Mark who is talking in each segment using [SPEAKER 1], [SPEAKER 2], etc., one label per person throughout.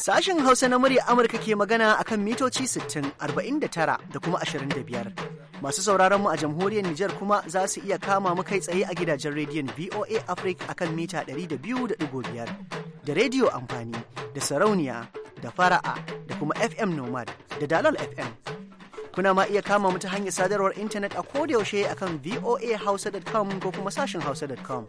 [SPEAKER 1] Sashen Hausa na murya Amurka ke magana akan mitoci 60, 49 da kuma 25. Masu sauraron mu a jamhuriyar Nijar kuma za su iya kama mu kai tsaye a gidajen rediyon VOA Africa akan mita 200.5 da rediyo amfani da sarauniya da fara'a da kuma FM Nomad da Dalal FM. Kuna ma iya kama mu ta hanyar sadarwar intanet a kodayaushe a kan voahausa.com ko kuma sashen hausa.com.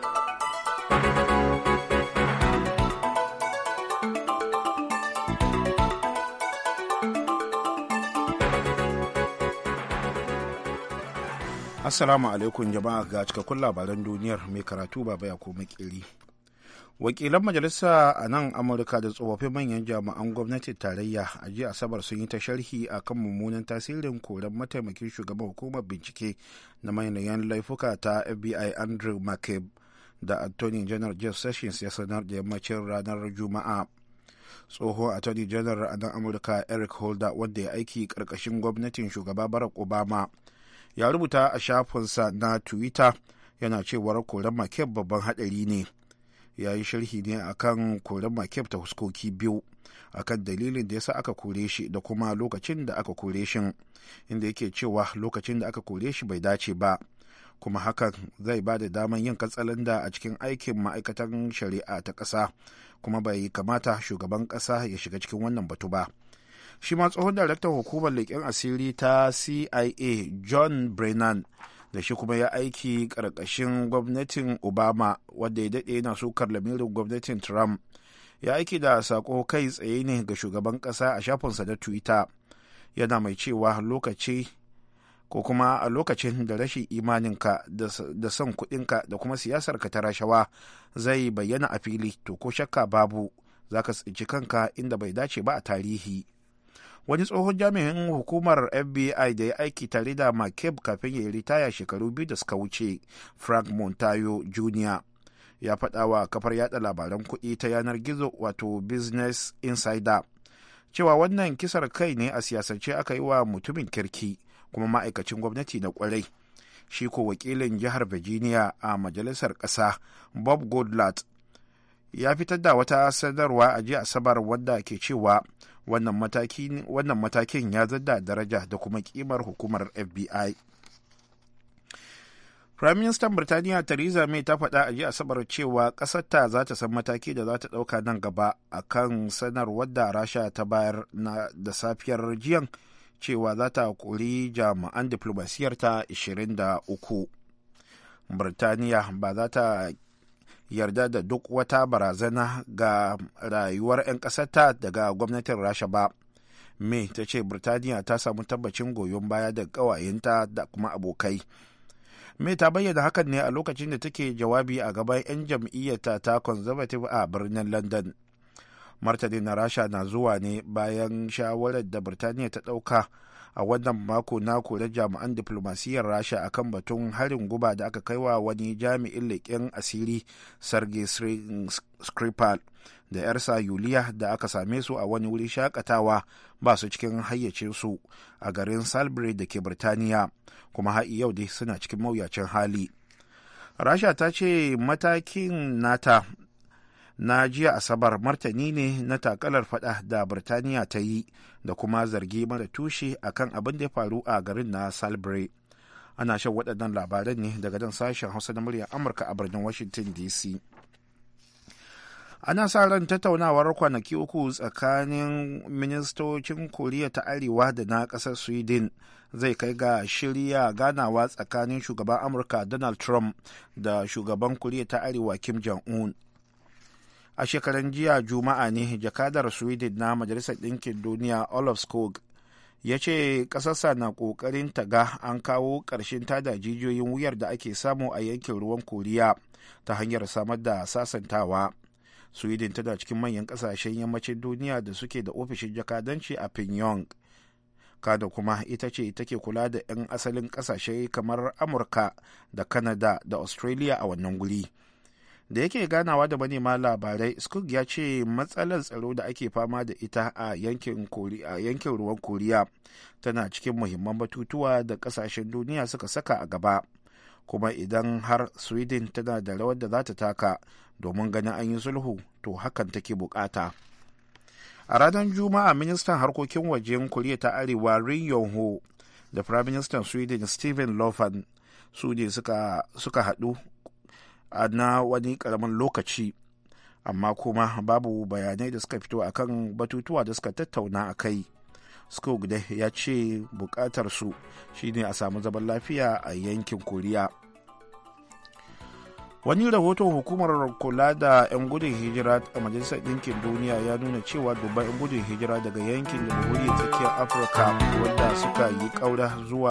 [SPEAKER 2] Assalamu alaikum jama'a ga cikakkun labaran duniyar mai karatu baba ya koma kiri. Wakilan majalisa a nan Amurka da tsofaffin manyan jami'an gwamnatin tarayya a jiya Asabar sun yi ta sharhi a kan mummunan tasirin koren mataimakin shugaban hukumar bincike na manyan laifuka ta FBI Andrew McCabe da Attorney General Jeff Sessions ya sanar da yammacin ranar Juma'a. tsohon attorney general a nan amurka eric holder wanda ya aiki karkashin gwamnatin shugaba barack obama ya rubuta a shafinsa na twitter yana cewar koren makep babban hadari ne ya yi sharhi ne akan koren makep ta huskoki biyu akan dalilin da yasa aka kore shi da kuma lokacin da aka kore shin inda yake cewa lokacin da aka kore shi bai dace ba kuma hakan zai ba da daman yin katsalanda a cikin aikin ma'aikatan shari'a ta ƙasa kuma bai kamata shugaban ƙasa ya shiga cikin wannan batu ba. shi ma tsohon daraktan hukumar leƙen asiri ta cia john brennan da shi kuma ya aiki ƙarƙashin gwamnatin obama wadda ya daɗe yana sukar lamirin gwamnatin trump ya aiki da sako kai tsaye ne ga shugaban ƙasa a shafinsa na twitter yana mai cewa lokaci ko kuma a lokacin da rashin imaninka da son kuɗinka da kuma siyasarka ta rashawa zai bayyana a fili to ko shakka babu za ka tsinci kanka inda bai dace ba a tarihi wani tsohon jami'in hukumar fbi da ya aiki tare da mccabe kafin ya yi ritaya shekaru biyu da suka wuce frank montayo jr ya faɗa wa kafar yada labaran kuɗi ta yanar gizo wato business insider cewa wannan kisar kai ne a siyasance aka yi wa mutumin kirki kuma ma'aikacin gwamnati na kwarai shi ko wakilin jihar virginia a majalisar ƙasa bob goodlatte ya fitar da wata sadarwa a jiya asabar wadda ke cewa wannan matakin ya zadda daraja da kuma kimar hukumar fbi Prime Minister Birtaniya Theresa May ta faɗa a ji Asabar cewa ƙasarta za ta san mataki da za ta ɗauka nan gaba a kan sanarwar da Rasha ta bayar na da safiyar jiyan cewa za ta kori jami'an diplomasiyarta 23. Birtaniya ba za ta yarda da duk wata barazana ga rayuwar 'yan ƙasarta daga gwamnatin rasha ba may ta ce birtaniya ta samu tabbacin goyon baya daga ƙawayenta da kuma abokai may ta bayyana hakan ne a lokacin da take jawabi a gaban 'yan jam'iyyata ta conservative a birnin london martani na rasha na zuwa ne bayan shawarar da birtaniya ta ɗauka a wannan mako na kore jami'an diplomasiyyar rasha a kan batun harin guba da aka kai wa wani jami'in leƙen asiri sergei skripal da yarsa yuliya da aka same su a wani wuri shakatawa ba su cikin su a garin salbury da ke birtaniya kuma har yau dai suna cikin mawuyacin hali rasha ta ce matakin nata na jiya asabar martani ne na takalar fada da birtaniya ta yi da kuma zargi mara tushe akan abin da ya faru a garin na salbury ana shan waɗannan labaran ne daga dan sashen hausa na muryar amurka a birnin washington dc ana sa ran tattaunawar kwanaki uku tsakanin ministocin koriya ta arewa da na ƙasar sweden zai kai ga shirya ganawa tsakanin shugaban amurka donald trump da shugaban koriya ta arewa kim jong-un a shekaran jiya juma'a ne jakadar sweden na majalisar ɗinkin duniya olaf skog ya ce ƙasarsa na ƙoƙarin ga an kawo ƙarshen tada jijiyoyin wuyar da ake samu a yankin ruwan koriya ta hanyar samar da sasantawa sweden tana cikin manyan ƙasashen yammacin duniya da suke da ofishin jakadanci a pyongyang kada kuma ita ce take kula da 'yan asalin ƙasashe kamar amurka da kanada da australia a wannan guri da yake ganawa da manema labarai skog ya ce matsalar tsaro da ake fama da ita a yankin ruwan koriya tana cikin muhimman batutuwa da kasashen duniya suka saka a gaba kuma idan har sweden tana da rawar da za ta taka domin ganin an yi sulhu to hakan take bukata a ranar juma'a ministan harkokin wajen koriya ta arewa rin yong da firaministan sweden stephen lofan su ne suka haɗu na wani karamin lokaci amma kuma babu bayanai da suka fito akan batutuwa da suka tattauna a kai skog dai ya ce bukatarsu shine a samu zaman lafiya a yankin koriya wani rahoton hukumar kula da 'yan gudun hijira a majalisar ɗinkin duniya ya nuna cewa dubban 'yan gudun hijira daga yankin jamhuriyar tsakiyar afirka wadda suka yi ƙaura zuwa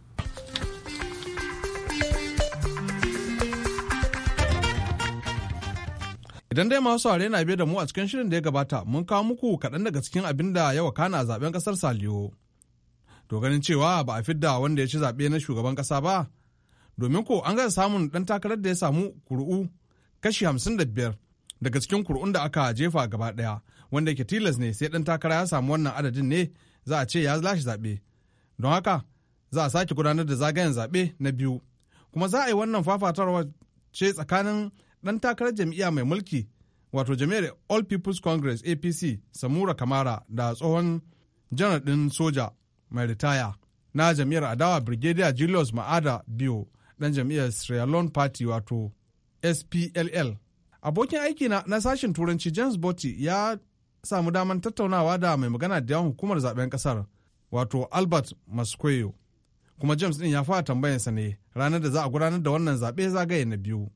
[SPEAKER 3] Idan dai masu saurare na biye da mu a cikin shirin da ya gabata mun kawo muku kaɗan daga cikin abin da ya wakana a zaben ƙasar Saliyo. To ganin cewa ba a fidda wanda ya ci zaɓe na shugaban ƙasa ba, domin ko an gaza samun ɗan takarar da ya samu kuru'u kashi hamsin da biyar daga cikin kuru'un da aka jefa gaba ɗaya wanda ke tilas ne sai ɗan takara ya samu wannan adadin ne za a ce ya lashe zaɓe. Don haka za a sake gudanar da zagayen zaɓe na biyu kuma za a yi wannan fafatarwa ce tsakanin ɗan takarar jam'iyya mai mulki wato jam'iyyar all people's congress apc samura kamara da tsohon janar din soja mai ritaya na jam'iyyar adawa brigadier julius ma'ada biyo dan jam'iyyar sierra leone party wato spll abokin aiki na, na sashen turanci james botti ya samu daman tattaunawa da mai magana da yawan hukumar zaben kasar wato albert masqueo kuma james din ya fara tambayarsa ne ranar da za a gudanar da wannan zaɓe zagaye na biyu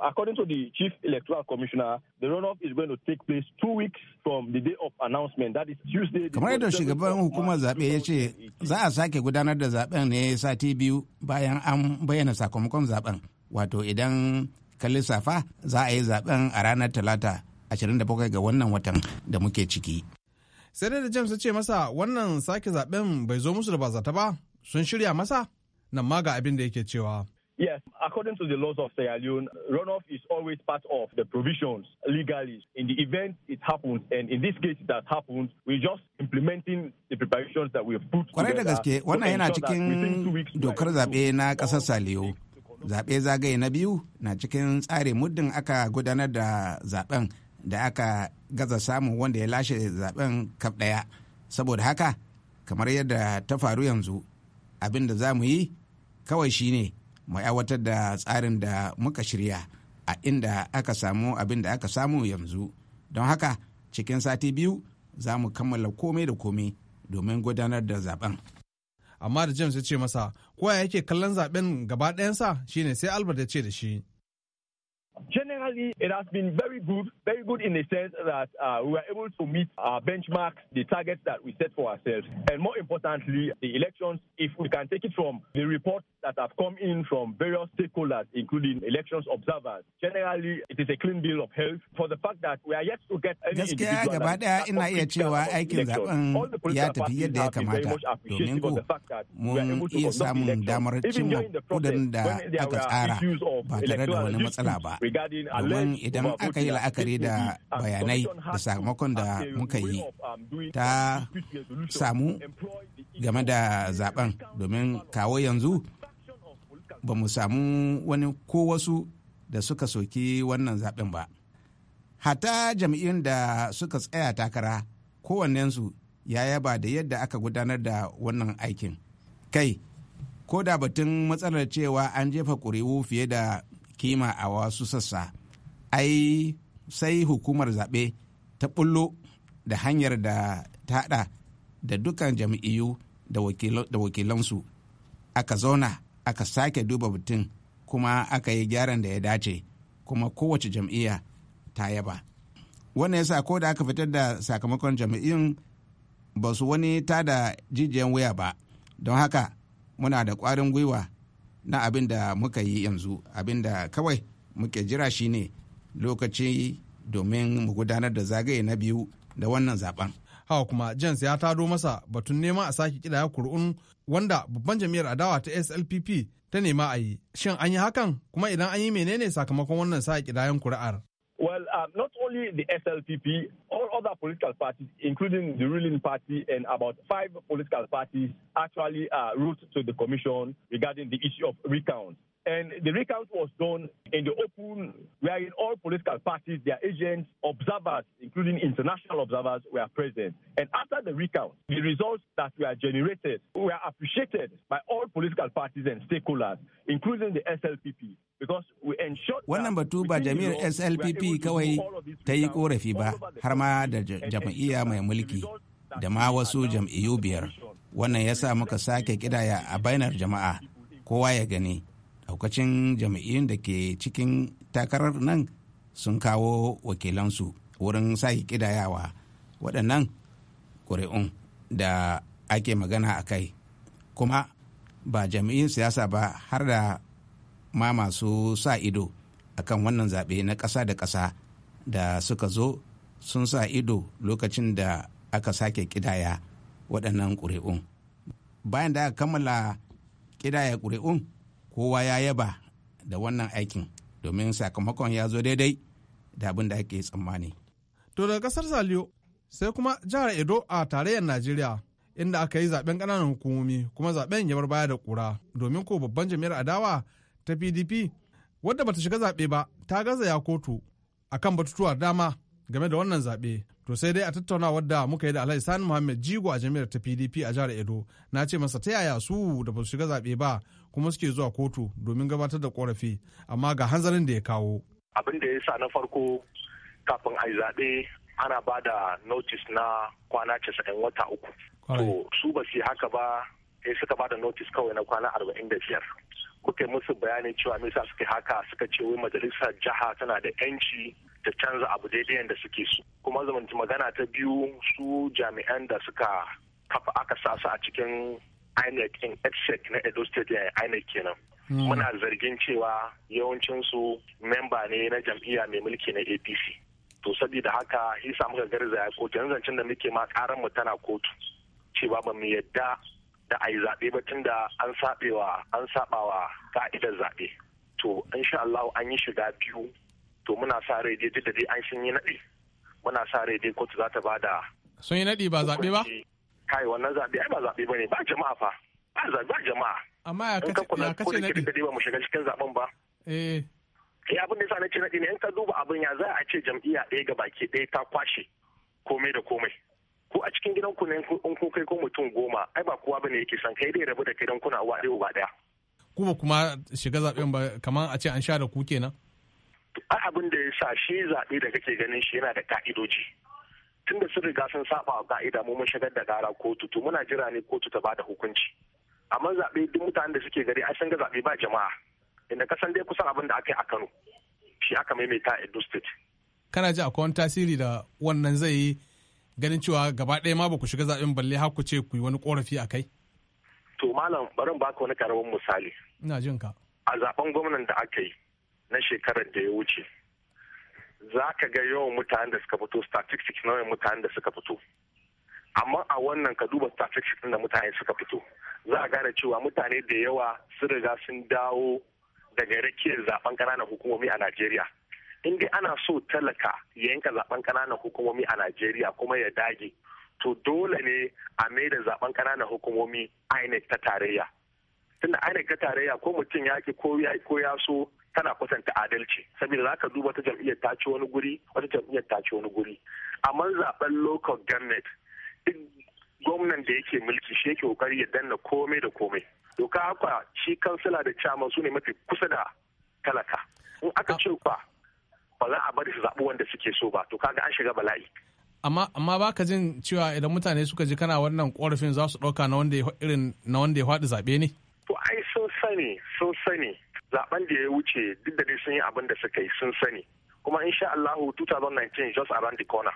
[SPEAKER 4] According to the Chief Electoral Commissioner, the runoff is going to take place two weeks from the day of announcement. That is Tuesday. Kamar yadda shugaban
[SPEAKER 5] hukumar zaɓe ya ce za a sake gudanar da zaɓen ne sati biyu bayan an bayyana sakamakon zaɓen. Wato idan ka lissafa za a yi zaɓen a ranar Talata 27 ga wannan watan da muke ciki.
[SPEAKER 3] Sai da James ya ce masa wannan sake zaɓen bai zo musu da bazata ba sun shirya masa nan ma ga abin da yake cewa.
[SPEAKER 4] Yes, according to the laws of Sierra Leone, runoff is always part of the provisions legally. In the event it happens, and in this case that happens, we're just implementing the preparations that we have put Kwarai da gaske, wannan yana
[SPEAKER 5] cikin dokar zaɓe na ƙasar Saliyo. Zaɓe zagaye na biyu na cikin tsarin muddin aka gudanar da zaɓen da aka gaza samun wanda ya lashe zaɓen kaf ɗaya. Saboda haka, kamar yadda ta faru yanzu, abin da za mu yi kawai shine ne mu aiwatar da tsarin da muka shirya a inda aka samu abin da aka samu yanzu don haka cikin sati biyu za mu kammala komai da komai domin gudanar da zaben amma da james ya ce masa ko yake kallon zaben gaba ɗayansa shine
[SPEAKER 3] sai albert ya ce da shi
[SPEAKER 4] finally, it has been very good, very good in the sense that uh, we were able to meet our benchmarks, the targets that we set for ourselves, and more importantly, the elections. If we can take it from the reports that have come in from various stakeholders, including elections observers, generally it is a clean bill of health for the fact that we are yet to get any gaskiya gaba daya ina iya cewa aikin zaben ya tafi yadda ya kamata domin ko
[SPEAKER 5] mun iya samun damar cimma kudurin da aka tsara
[SPEAKER 4] ba tare da wani matsala regarding. domin idan aka yi la'akari da
[SPEAKER 5] bayanai da sakamakon da muka yi um, ta samu game da zaben domin kawo yanzu ba mu samu wani ko wasu da suka soki wannan zaben ba hata jam'iyyun da suka tsaya takara kowannensu ya yaba da yadda aka gudanar da wannan aikin kai ko da batun matsalar cewa an jefa ƙuri'u fiye da kima a wasu sassa ai sai hukumar zaɓe ta bullo da hanyar da ta haɗa da dukkan jam'iyyu da wakilansu aka zauna aka sake duba mutum kuma aka yi gyaran da ya dace kuma kowace jam'iyya ta yaba wannan yasa ko da aka fitar da sakamakon jam'iyyun ba su wani ta da jijiyan wuya ba don haka muna da ƙwarin gwiwa na abin da muka yi yanzu abin da kawai muke jira shine lokaci domin mu gudanar da zagaye na biyu da wannan zaben. Hawa
[SPEAKER 3] kuma Jens ya tado masa batun neman a sake kidaya kur'un wanda babban jami'ar adawa ta SLPP ta nema a yi. Shin an yi hakan kuma idan an yi menene sakamakon wannan sake kidayen kuri'ar?
[SPEAKER 4] Well, uh, not only the SLPP, all other political parties, including the ruling party and about five political parties, actually uh, wrote to the commission regarding the issue of recount. And the recount was done in the open, wherein all political parties, their agents, observers, including international observers, were present. And after the recount, the results that were generated were appreciated by all political parties and stakeholders, including the SLPP, because we ensured. Wannan batu ba jami'ar SLPP kawai ta yi korafi
[SPEAKER 5] ba, har ma da jam'iyya mai mulki da ma wasu jam'iyyu biyar. Wannan ya sa muka sake kidaya a bainar jama'a, kowa ya gani. daukacin jami'in da ke cikin takarar nan sun kawo wakilansu wurin sake kidayawa waɗannan ƙuri'un da ake magana a kai kuma ba jami'in siyasa ba har da ma masu sa ido a kan wannan zaɓe na ƙasa da ƙasa da suka zo sun sa ido lokacin da aka sake kidaya waɗannan ƙuri'un bayan da aka kammala kidaya ƙuri'un kowa ya yaba da wannan aikin domin sakamakon ya zo daidai da abin da ake tsammani. To daga
[SPEAKER 3] kasar Saliyo sai kuma jihar Edo a tarayyar Najeriya inda aka yi zaben ƙananan hukumomi kuma zaben ya bar baya da kura domin ko babban jami'ar adawa ta PDP wadda bata shiga zaɓe ba ta gaza ya kotu akan batutuwa dama game da wannan zaɓe to sai dai a tattaunawar wadda muka yi da alhaji sani muhammed jigo a jami'ar ta pdp a jihar edo na ce masa ta yaya su da ba su shiga zaɓe ba kuma suke zuwa kotu domin gabatar da korafi amma ga hanzarin da ya kawo
[SPEAKER 6] abin da ya sa na farko kafin a yi zaɓe ana ba da notice na kwana casa'in wata uku to su ba su haka ba sai suka ba da notice kawai na kwana arba'in da biyar kuka musu bayanin cewa me yasa suka haka suka ce wai majalisar jiha tana da 'yanci da canza abu daidai da suke su kuma zamanci magana ta biyu su jami'an da suka kafa aka sa su a cikin inec in exec na edo state inec kenan hmm. muna zargin cewa yawancin su memba ne na jam'iyya mai mulki na apc to saboda haka isa muka ya kotu yanzu zancen da muke ma karan mu tana kotu cewa ba mu yadda da a yi zaɓe ba tun da an saɓewa an saɓawa ka'idar zaɓe to insha Allah an yi shiga biyu to muna sa rai dai duk da dai an sun yi naɗi muna sa rai dai kotu za ta ba da
[SPEAKER 3] sun yi naɗi ba zaɓe ba
[SPEAKER 6] kai wannan zaɓe ai ba zaɓe bane ba jama'a fa ba zaɓe ba jama'a amma
[SPEAKER 4] ya kace ya kace naɗi ko
[SPEAKER 6] da ba mu shiga cikin zaɓen ba eh eh abin da yasa ce naɗi ne in ka duba abin ya za a ce jam'iyya ɗaya ga baki ɗaya ta kwashe komai da komai ko a cikin gidanku ne in ku kai ko mutum goma ai ba kowa bane yake san kai dai rabu da kidan kuna wa dai uba daya?
[SPEAKER 3] Kuma kuma shiga zaɓen ba kamar a ce an sha da ku kenan.
[SPEAKER 6] abin da ya sa shi zaɓe da kake ganin shi yana da ka'idoji tunda sun riga sun saba wa ka'ida mu mun shigar da gara kotu to muna jira ne kotu ta bada hukunci amma zaɓe duk mutanen da suke gari a san ga zaɓe ba jama'a inda ka san dai kusan abin da aka yi a Kano shi aka maimaita a Edo State
[SPEAKER 3] kana ji akwai wani tasiri da wannan zai yi ganin cewa gaba ɗaya ma ba ku shiga zaɓen balle har ku ce ku yi wani korafi a kai
[SPEAKER 6] to malam barin baka wani karamin misali ina jin a zaben gwamnan da aka yi na shekarar da ya wuce za ka ga yawan mutanen da suka fito statistics na yawan mutanen da suka fito amma a wannan ka duba statistics da mutane suka fito za a gane cewa mutane da yawa sun riga sun dawo daga rakiyar zaben ƙananan hukumomi a najeriya in dai ana so talaka ya yanka zaben ƙananan hukumomi a najeriya kuma ya dage to dole ne a mai da zaben ƙananan hukumomi inec ta tarayya tunda inec ta tarayya ko mutum ya ki ko ya ko ya so tana kwatanta adalci saboda za ka duba ta jam'iyyar ta ci wani guri wata jam'iyyar ta ci wani guri amma zaben local government duk gwamnan da yake mulki shi yake kokari ya danna komai da komai doka haka shi kansila da chairman su ne mafi kusa da talaka in aka ce kwa. ba za a bari su zaɓi wanda suke so ba to kaga an shiga bala'i
[SPEAKER 3] amma amma baka jin cewa idan mutane suka ji kana wannan korafin za su ɗauka na wanda irin na wanda ya faɗi zaɓe ne
[SPEAKER 6] to ai sun sani sun sani zaben da ya wuce duk da dai sun yi abin da suka yi sun sani kuma insha Allahu 2019 just around the corner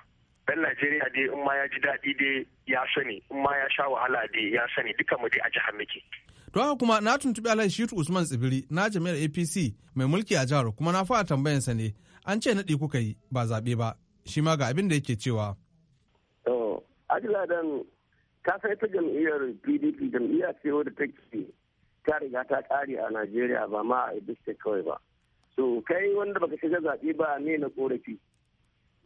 [SPEAKER 6] dan Najeriya dai in ma ya ji daɗi dai ya sani in ma ya sha wahala dai ya sani duka mu dai a jihar muke
[SPEAKER 3] to haka kuma na tuntubi Alhaji Shitu Usman Tsibiri na jami'ar APC mai mulki a jihar kuma na fara sa ne an ce na ɗi kuka yi ba zaɓe ba shi ma ga abin da yake cewa.
[SPEAKER 7] To, Adila dan ka sai ta jam'iyyar PDP jam'iyya ce wadda take ta riga ta kare a najeriya ba ma a state kawai ba so kai wanda baka shiga zaɓe ba ne na korafi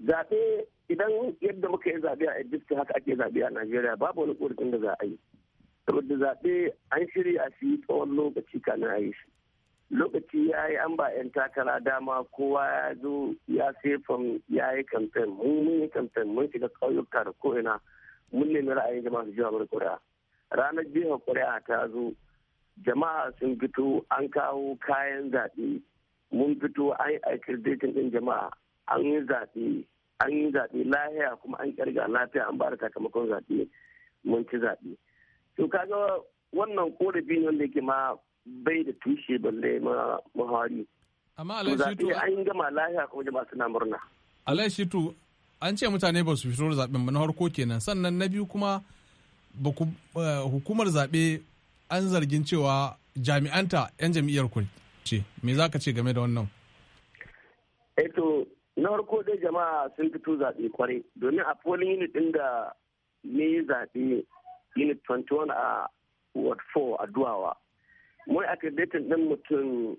[SPEAKER 7] zaɓe idan yadda muka yi zaɓe a state haka ake zaɓe a najeriya babu wani korafin da za a yi saboda zaɓe an shirya a siyi tsawon lokaci kana a yi shi lokaci ya yi an ba 'yan takara dama kowa ya zo ya sefam ya yi kamfen mun yi kamfen mun shiga ƙauyuka da ko'ina mun nemi ra'ayin jama'a su jiwa mana ƙuri'a ranar jihar ƙuri'a ta zo jama'a sun fito an kawo kayan zaɓe mun fito an yi accreditation ɗin jama'a an yi zaɓe an yi zaɓe lahiya kuma an ƙirga lafiya an ba da sakamakon zaɓe mun ci zaɓe to kaga wannan korafi ne wanda yake ma bai da tushe balle ma muhari amma alaishitu an yi gama lahiya kuma jama'a suna murna
[SPEAKER 3] alaishitu an ce mutane ba su fito da zaɓen ba na harko kenan sannan na biyu kuma eh, hukumar zaɓe an zargin cewa jami'anta 'yan jam'iyyar ku ce me za ka ce game da wannan
[SPEAKER 7] eto eh, na farko dai jama'a sun fito zaɓe kwarai domin a polling unit ɗin da ne zaɓe unit 21 a ward 4 a duwawa mun accreditation ɗin mutum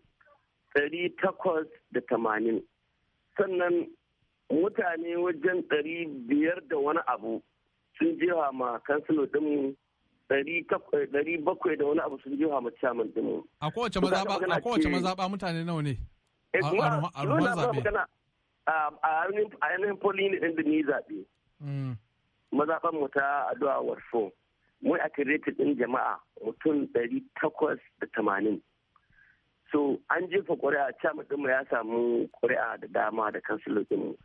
[SPEAKER 7] 880 sannan mutane wajen 500 da wani abu sun jewa ma kansilo ɗinmu ɗari bakwai da wani abu sun jiha mu chairman ɗinmu.
[SPEAKER 3] A kowace mazaɓa mutane nawa ne?
[SPEAKER 7] Eh, a ruwan zaɓe. A yanayin poli ne ɗin da ni zaɓe. Mm. Mazaɓan mu ta addu'a warfo. Mun accredited ɗin jama'a mutum ɗari takwas da tamanin. So an jefa ƙuri'a chairman mu ya samu ƙuri'a da dama da kansilolin mu.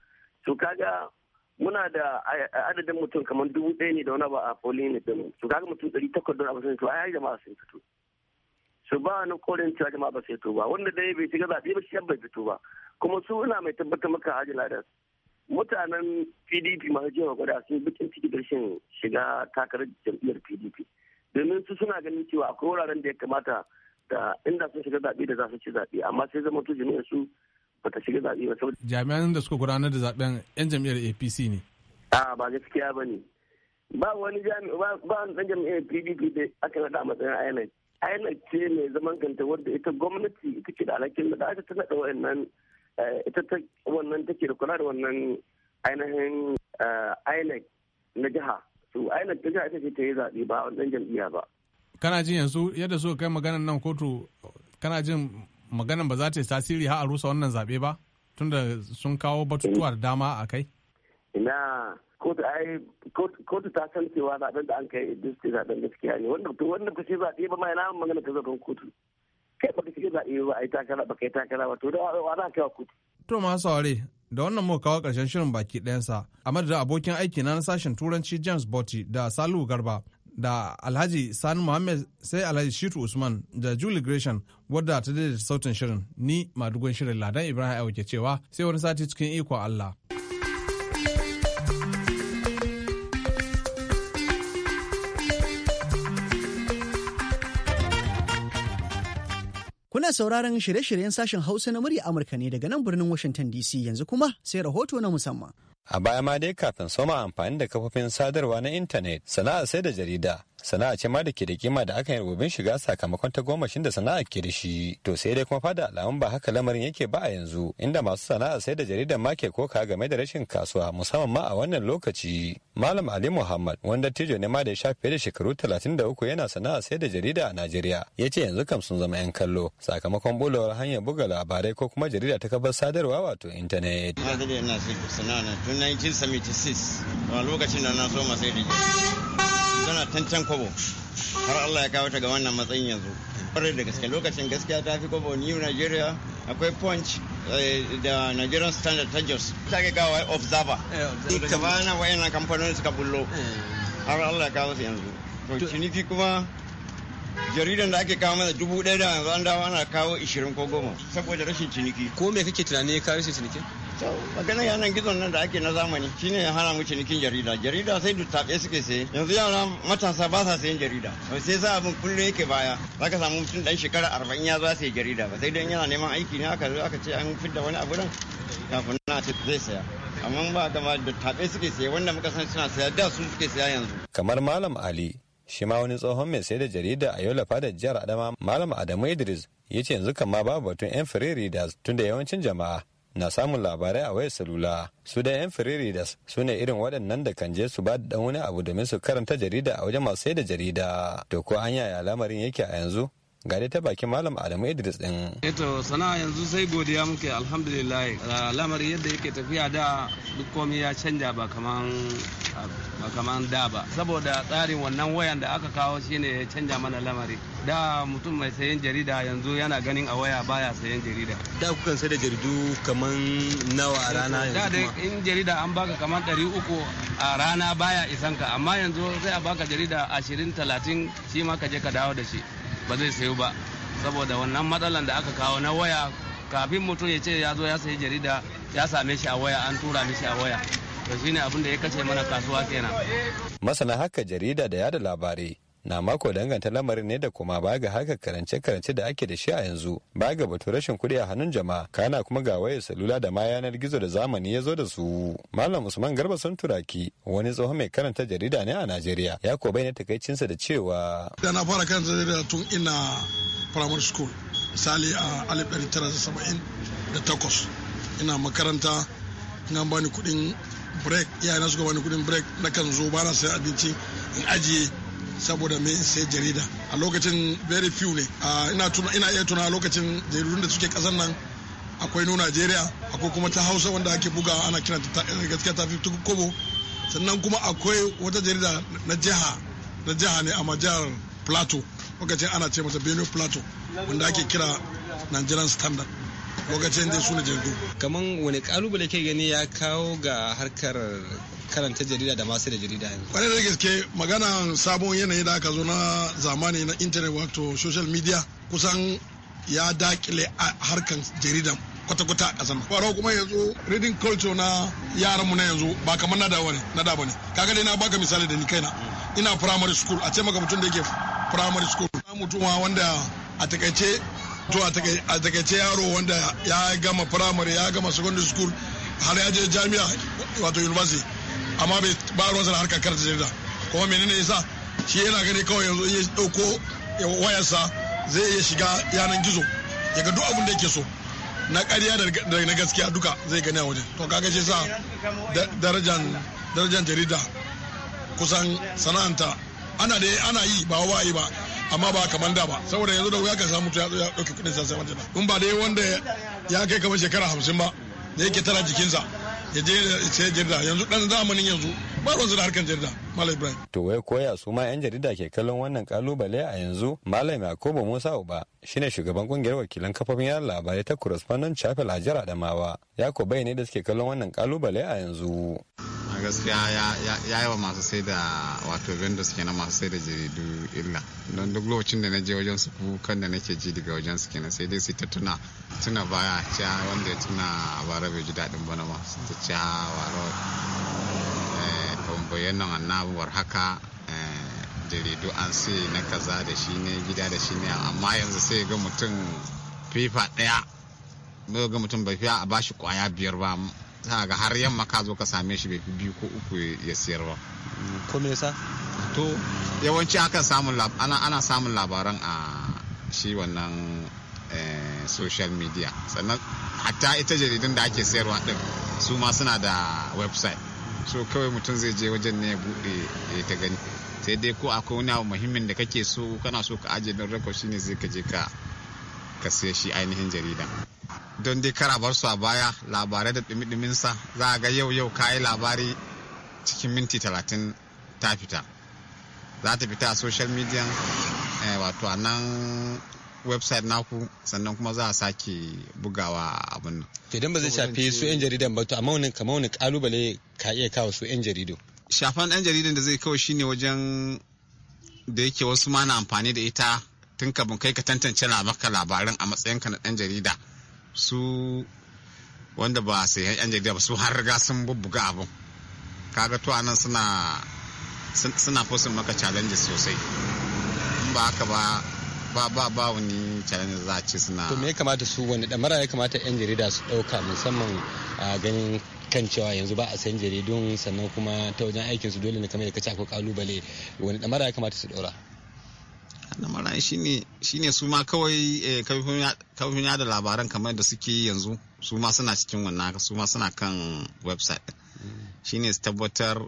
[SPEAKER 7] So kaga muna da adadin mutum kamar dubu ɗaya ne da wani ba a polin din su kaga mutum ɗari takwas don abu A fito jama'a sun fito su ba wani korin cewa jama'a ba sai to ba wanda dai bai shiga zaɓe ba shi bai fito ba kuma su na mai tabbatar maka hajji ladas mutanen pdp masu jiwa gwada sun bikin ciki da rashin shiga takarar jam'iyyar pdp domin su suna ganin cewa akwai wuraren da ya kamata da inda sun shiga zaɓe da za su ci zaɓe amma sai zama to su bata shiga zaɓe ba saboda
[SPEAKER 3] jami'an da suka gudanar da zaɓen yan jam'iyyar APC
[SPEAKER 7] ne a ba gaskiya ba ne ba wani jami'a ba wani dan jam'iyyar PDP da aka naɗa a matsayin INEC INEC ce mai zaman kanta wadda ita gwamnati ita ke da alhakin da ita ta naɗa wannan eh, ita ta wannan take da kula da wannan ainihin eh, INEC na jiha to INEC ta jiha ita ce ta yi zaɓe ba wani dan jam'iyya ba
[SPEAKER 3] kana jin yanzu yadda suka kai maganar nan kotu kana jin maganan ba za ta yi tasiri har a rusa wannan zaɓe ba tunda sun kawo batutuwa da dama a kai?
[SPEAKER 7] Ina kotu ai kotu ta san cewa zaɓen da an kai Idris zaɓen zaben gaskiya ne wanda to wanda kace zaɓe ba ma yana magana ta zaɓen kotu. Kai baka shiga zaɓe ba ai takara ba kai takara ba to da wa za kai wa kotu.
[SPEAKER 3] To ma saware da wannan muka kawo ƙarshen shirin baki ɗayansa a madadin abokin aiki na sashen turanci James Botti da Salu Garba da Alhaji Sani muhammed sai Alhaji Shitu Usman da Julie Gresham wadda ta daidaita sautin shirin ni madugon shirin Ladan Ibrahim Ayo ke cewa sai wani sati cikin ikon Allah.
[SPEAKER 1] Kuna sauraron shirye-shiryen sashen Hausa na murya Amurka ne daga nan birnin Washington DC yanzu kuma sai rahoto na musamman. a baya ma
[SPEAKER 8] dai kafin soma amfani da kafofin sadarwa na intanet sana'a sai da jarida sana'a ce ma da ke da kima da aka yi rububin shiga sakamakon ta gomashin da sana'a ke da shi to sai dai kuma fada alamun ba haka lamarin yake ba a yanzu inda masu sana'a sai da jaridar ma ke koka game da rashin kasuwa musamman ma a wannan lokaci malam ali muhammad wanda tijo ne ma da ya sha fiye da shekaru talatin da uku yana sana'a sai da jarida a najeriya ya ce yanzu kam sun zama yan kallo sakamakon bulowar hanyar buga labarai ko kuma jarida ta kafar sadarwa wato intanet.
[SPEAKER 9] na sana'a tun 1976 a lokacin da na so sai da tana tantan kwabo har Allah ya kawo ta ga wannan matsayin yanzu kwarai da gaske lokacin gaskiya ta fi kwabo new nigeria akwai punch eh, da nigerian standard ta jos ta ga gawa eh, observer duk ta bana wayannan kamfanonin suka bullo eh. har Allah ya kawo su yanzu to ciniki kuma jaridan da ake kawo mana dubu ɗaya da yanzu an dawo ana kawo ishirin ko goma saboda rashin ciniki ko me kake tunani ya kawo rashin ciniki maganar yanar gizon nan da ake na zamani shine ya hana mu cinikin jarida jarida sai duttaɓe suke saye yanzu yara matasa ba sa sayan jarida sai sa abin kullum yake baya zaka samu mutum dan shekara arba'in ya zo sai jarida ba sai dan yana neman aiki ne
[SPEAKER 8] aka ce an fidda wani abu nan kafin na ce zai saya amma ba ma da taɓe suke saye wanda muka san suna saya da su suke saya yanzu kamar malam ali shi ma wani tsohon mai sai da jarida a lafa da jihar adama malam adamu idris ya ce yanzu kama babu batun yan firiri da tunda yawancin jama'a na samun labarai a wayar salula su da yan firiridas su ne irin waɗannan da kan je su ba da wani abu domin su karanta jarida a wajen masu sai da jarida to ko an yaya lamarin yake a yanzu ga ta baki malam adamu idris din
[SPEAKER 7] eto eh sana'a yanzu sai godiya muke alhamdulillah ah, lamarin yadda yake tafiya da duk komai ya canja ba kaman ba kamar da ba saboda tsarin wannan wayan da aka kawo shine ya canja mana lamari da mutum mai sayan jarida yanzu yana ganin a waya baya sayan jarida
[SPEAKER 8] da kukan sai da jaridu kamar nawa a rana yanzu da
[SPEAKER 7] in jarida an baka kamar ɗari uku a rana baya isan ka amma yanzu sai a baka jarida ashirin talatin shi ma ka je ka dawo da shi ba zai sayu ba saboda wannan matsalan da aka kawo na waya kafin mutum ya ce ya zo ya sayi jarida ya same shi a waya an tura mishi a waya to shine abin da ya kace mana kasuwa kenan
[SPEAKER 8] masana haka jarida da yada labarai na mako danganta lamarin ne da kuma ba ga haka karance-karance da ake da shi a yanzu ba ga batu rashin kuɗi a hannun jama'a kana kuma ga wayar salula da ma yanar gizo da zamani ya zo da su malam usman garba sun turaki wani tsohon mai karanta jarida ne a najeriya ya ko bayyana takaicinsa da cewa
[SPEAKER 10] da na fara karanta jarida tun ina primary school misali a alif ɗari tara ina makaranta ina bani kuɗin break iyayena suka wani kudin break na kan zo ba na sayan abinci in ajiye saboda me sai jarida a lokacin very few ne ina ina iya tuna lokacin jaridun da suke kasar nan akwai nu Najeriya akwai kuma ta Hausa wanda ake buga ana kira gaskiya ta fi kobo sannan kuma akwai wata jarida na jiha na jiha ne a jihar Plateau lokacin ana ce mata Benue Plateau wanda ake kira Nigerian Standard lokacin da su na jirgin
[SPEAKER 8] kaman wani kalubale ke gani ya kawo ga harkar karanta jarida da masu da jarida yanzu.
[SPEAKER 10] Kwarai da gaske magana sabon yanayi da aka zo na zamani na intanet wato social media kusan ya dakile a harkan jaridan kwata-kwata a ƙasar kwaro kuma yanzu reading culture na yaran mu na yanzu ba kamar na da na da bane kaga dai na baka misali da ni kaina ina primary school a ce maka mutum da yake primary school Na mutuma wanda a takaice to a takaice yaro wanda ya gama firamare ya gama secondary school har ya je jami'a wato university amma bai ba ruwan sana harkar karta jarida kuma menene yasa shi yana gani kawai yanzu ya dauko wayarsa zai iya shiga yanar gizo ya ga duk abin da yake so na ƙarya da na gaskiya duka zai gani a wajen to kaga shi sa darajan jarida kusan sana'anta ana da ana yi ba wa yi ba amma ba kamar da ba saboda yanzu da wuya ka samu ya ɗauki kudin sa sai mata in ba dai wanda ya kai kamar shekara hamsin ba da yake tara jikinsa ya je sai jirda yanzu dan zamanin yanzu ba ruwan da harkar jirda malam ibrahim
[SPEAKER 8] to wai koya su ma yan jarida ke kallon wannan kalubale a yanzu malam yakubu musa uba shine shugaban kungiyar wakilan kafofin yaran labarai ta correspondent chapel hajar adamawa ya ko ne da suke kallon wannan kalubale a yanzu
[SPEAKER 9] gaskiya ya yi wa masu sai da wato vendors kenan masu sai da jaridu illa don duk lokacin da na je wajen su kukan da nake ji daga wajen su kenan sai dai su ta tuna tuna baya cewa wanda ya tuna a bara bai ji daɗin bana ma su ta cewa ah, waro eh, bayanan annabuwar haka eh, jaridu an sai na kaza da shi ne gida da shi ne amma yanzu sai ga mutum fifa ɗaya ga mutum bai fiya a bashi kwaya biyar ba ga har yamma ka zo ka same shi bai biyu ko uku ya siyar ba mm, ko me yasa to yawanci akan samun ana ana samun labaran a shi wannan eh, social media sannan hatta ita jaridun da ake sayarwa din su ma suna da website so kawai mutum zai je wajen ne ya bude ta gani sai dai ko akwai wani abu muhimmin da kake so kana so ka ajiye don record shine zai ka je ka ka sai shi ainihin jaridan don dai kara bar su a baya labarai da dumi sa za a ga yau yau kayi labari cikin minti talatin ta fita za ta fita a social media eh, wato a nan website naku sannan kuma za a sake bugawa
[SPEAKER 8] abin nan. idan ba zai shafi su 'yan jaridan ba to amma wani kamar wani kalubale ka iya kawo su 'yan jaridu.
[SPEAKER 9] shafan 'yan jaridan da zai kawo shine wajen da yake wasu ma na amfani da ita tun kafin kai ka tantance maka labarin a matsayinka na ɗan jarida. su wanda ba sai yan jarida ba su har riga sun bubbuga abin kaga to anan suna suna fosin maka challenges sosai in ba haka ba ba ba ba wani challenge za a ce suna to
[SPEAKER 8] me ya kamata su wani damara ya kamata yan jarida su dauka musamman a ganin kan cewa yanzu ba a san jaridun sannan kuma ta wajen aikin su dole ne kamar da kace ko kalubale wani damara ya kamata su daura
[SPEAKER 9] na marayu shine ne su ma kawai eh, kafin yada labaran kamar da suke yanzu su ma suna cikin wannan su ma suna kan website mm. shine su tabbatar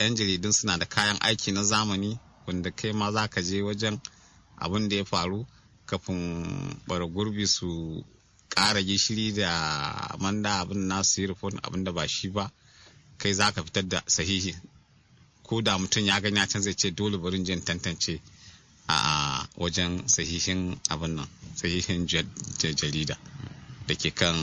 [SPEAKER 9] yan jaridun suna da kayan aiki na zamani wanda kai ma za ka je wajen abin da ya faru kafin bara gurbi su kara gishiri da manda abin su yi abin da ba shi ba kai za ka fitar da sahihi ko da mutum ya gani can zai ce dole barin jin tantance
[SPEAKER 8] a wajen sahihin abin nan sahihin jarida da ke kan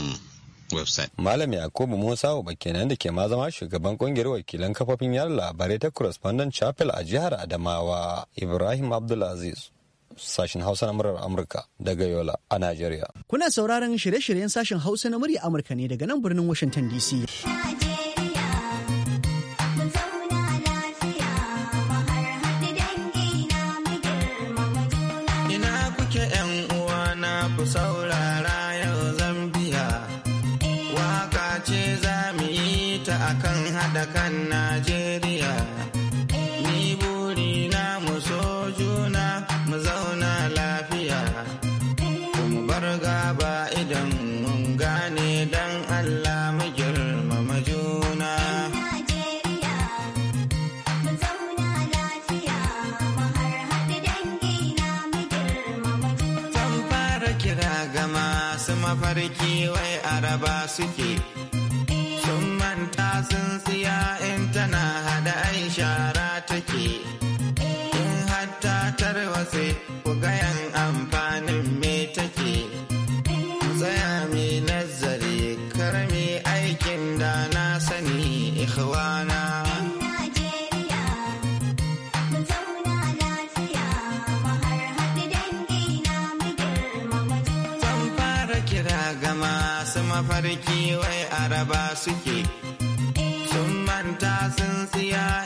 [SPEAKER 8] website. Malam Yakubu Musa Uba kenan da ke ma zama shugaban kungiyar wakilan kafofin yada labarai ta Correspondent Chapel a jihar Adamawa Ibrahim Abdulaziz. Sashen Hausa na murar Amurka daga Yola a Najeriya.
[SPEAKER 1] Kuna sauraron shirye-shiryen sashen Hausa na murya Amurka ne daga nan birnin Washington DC.
[SPEAKER 11] suke sun manta sun siya in tana hada ai shara take in hatta tarwatse aiki wai araba suke sun manta sun siya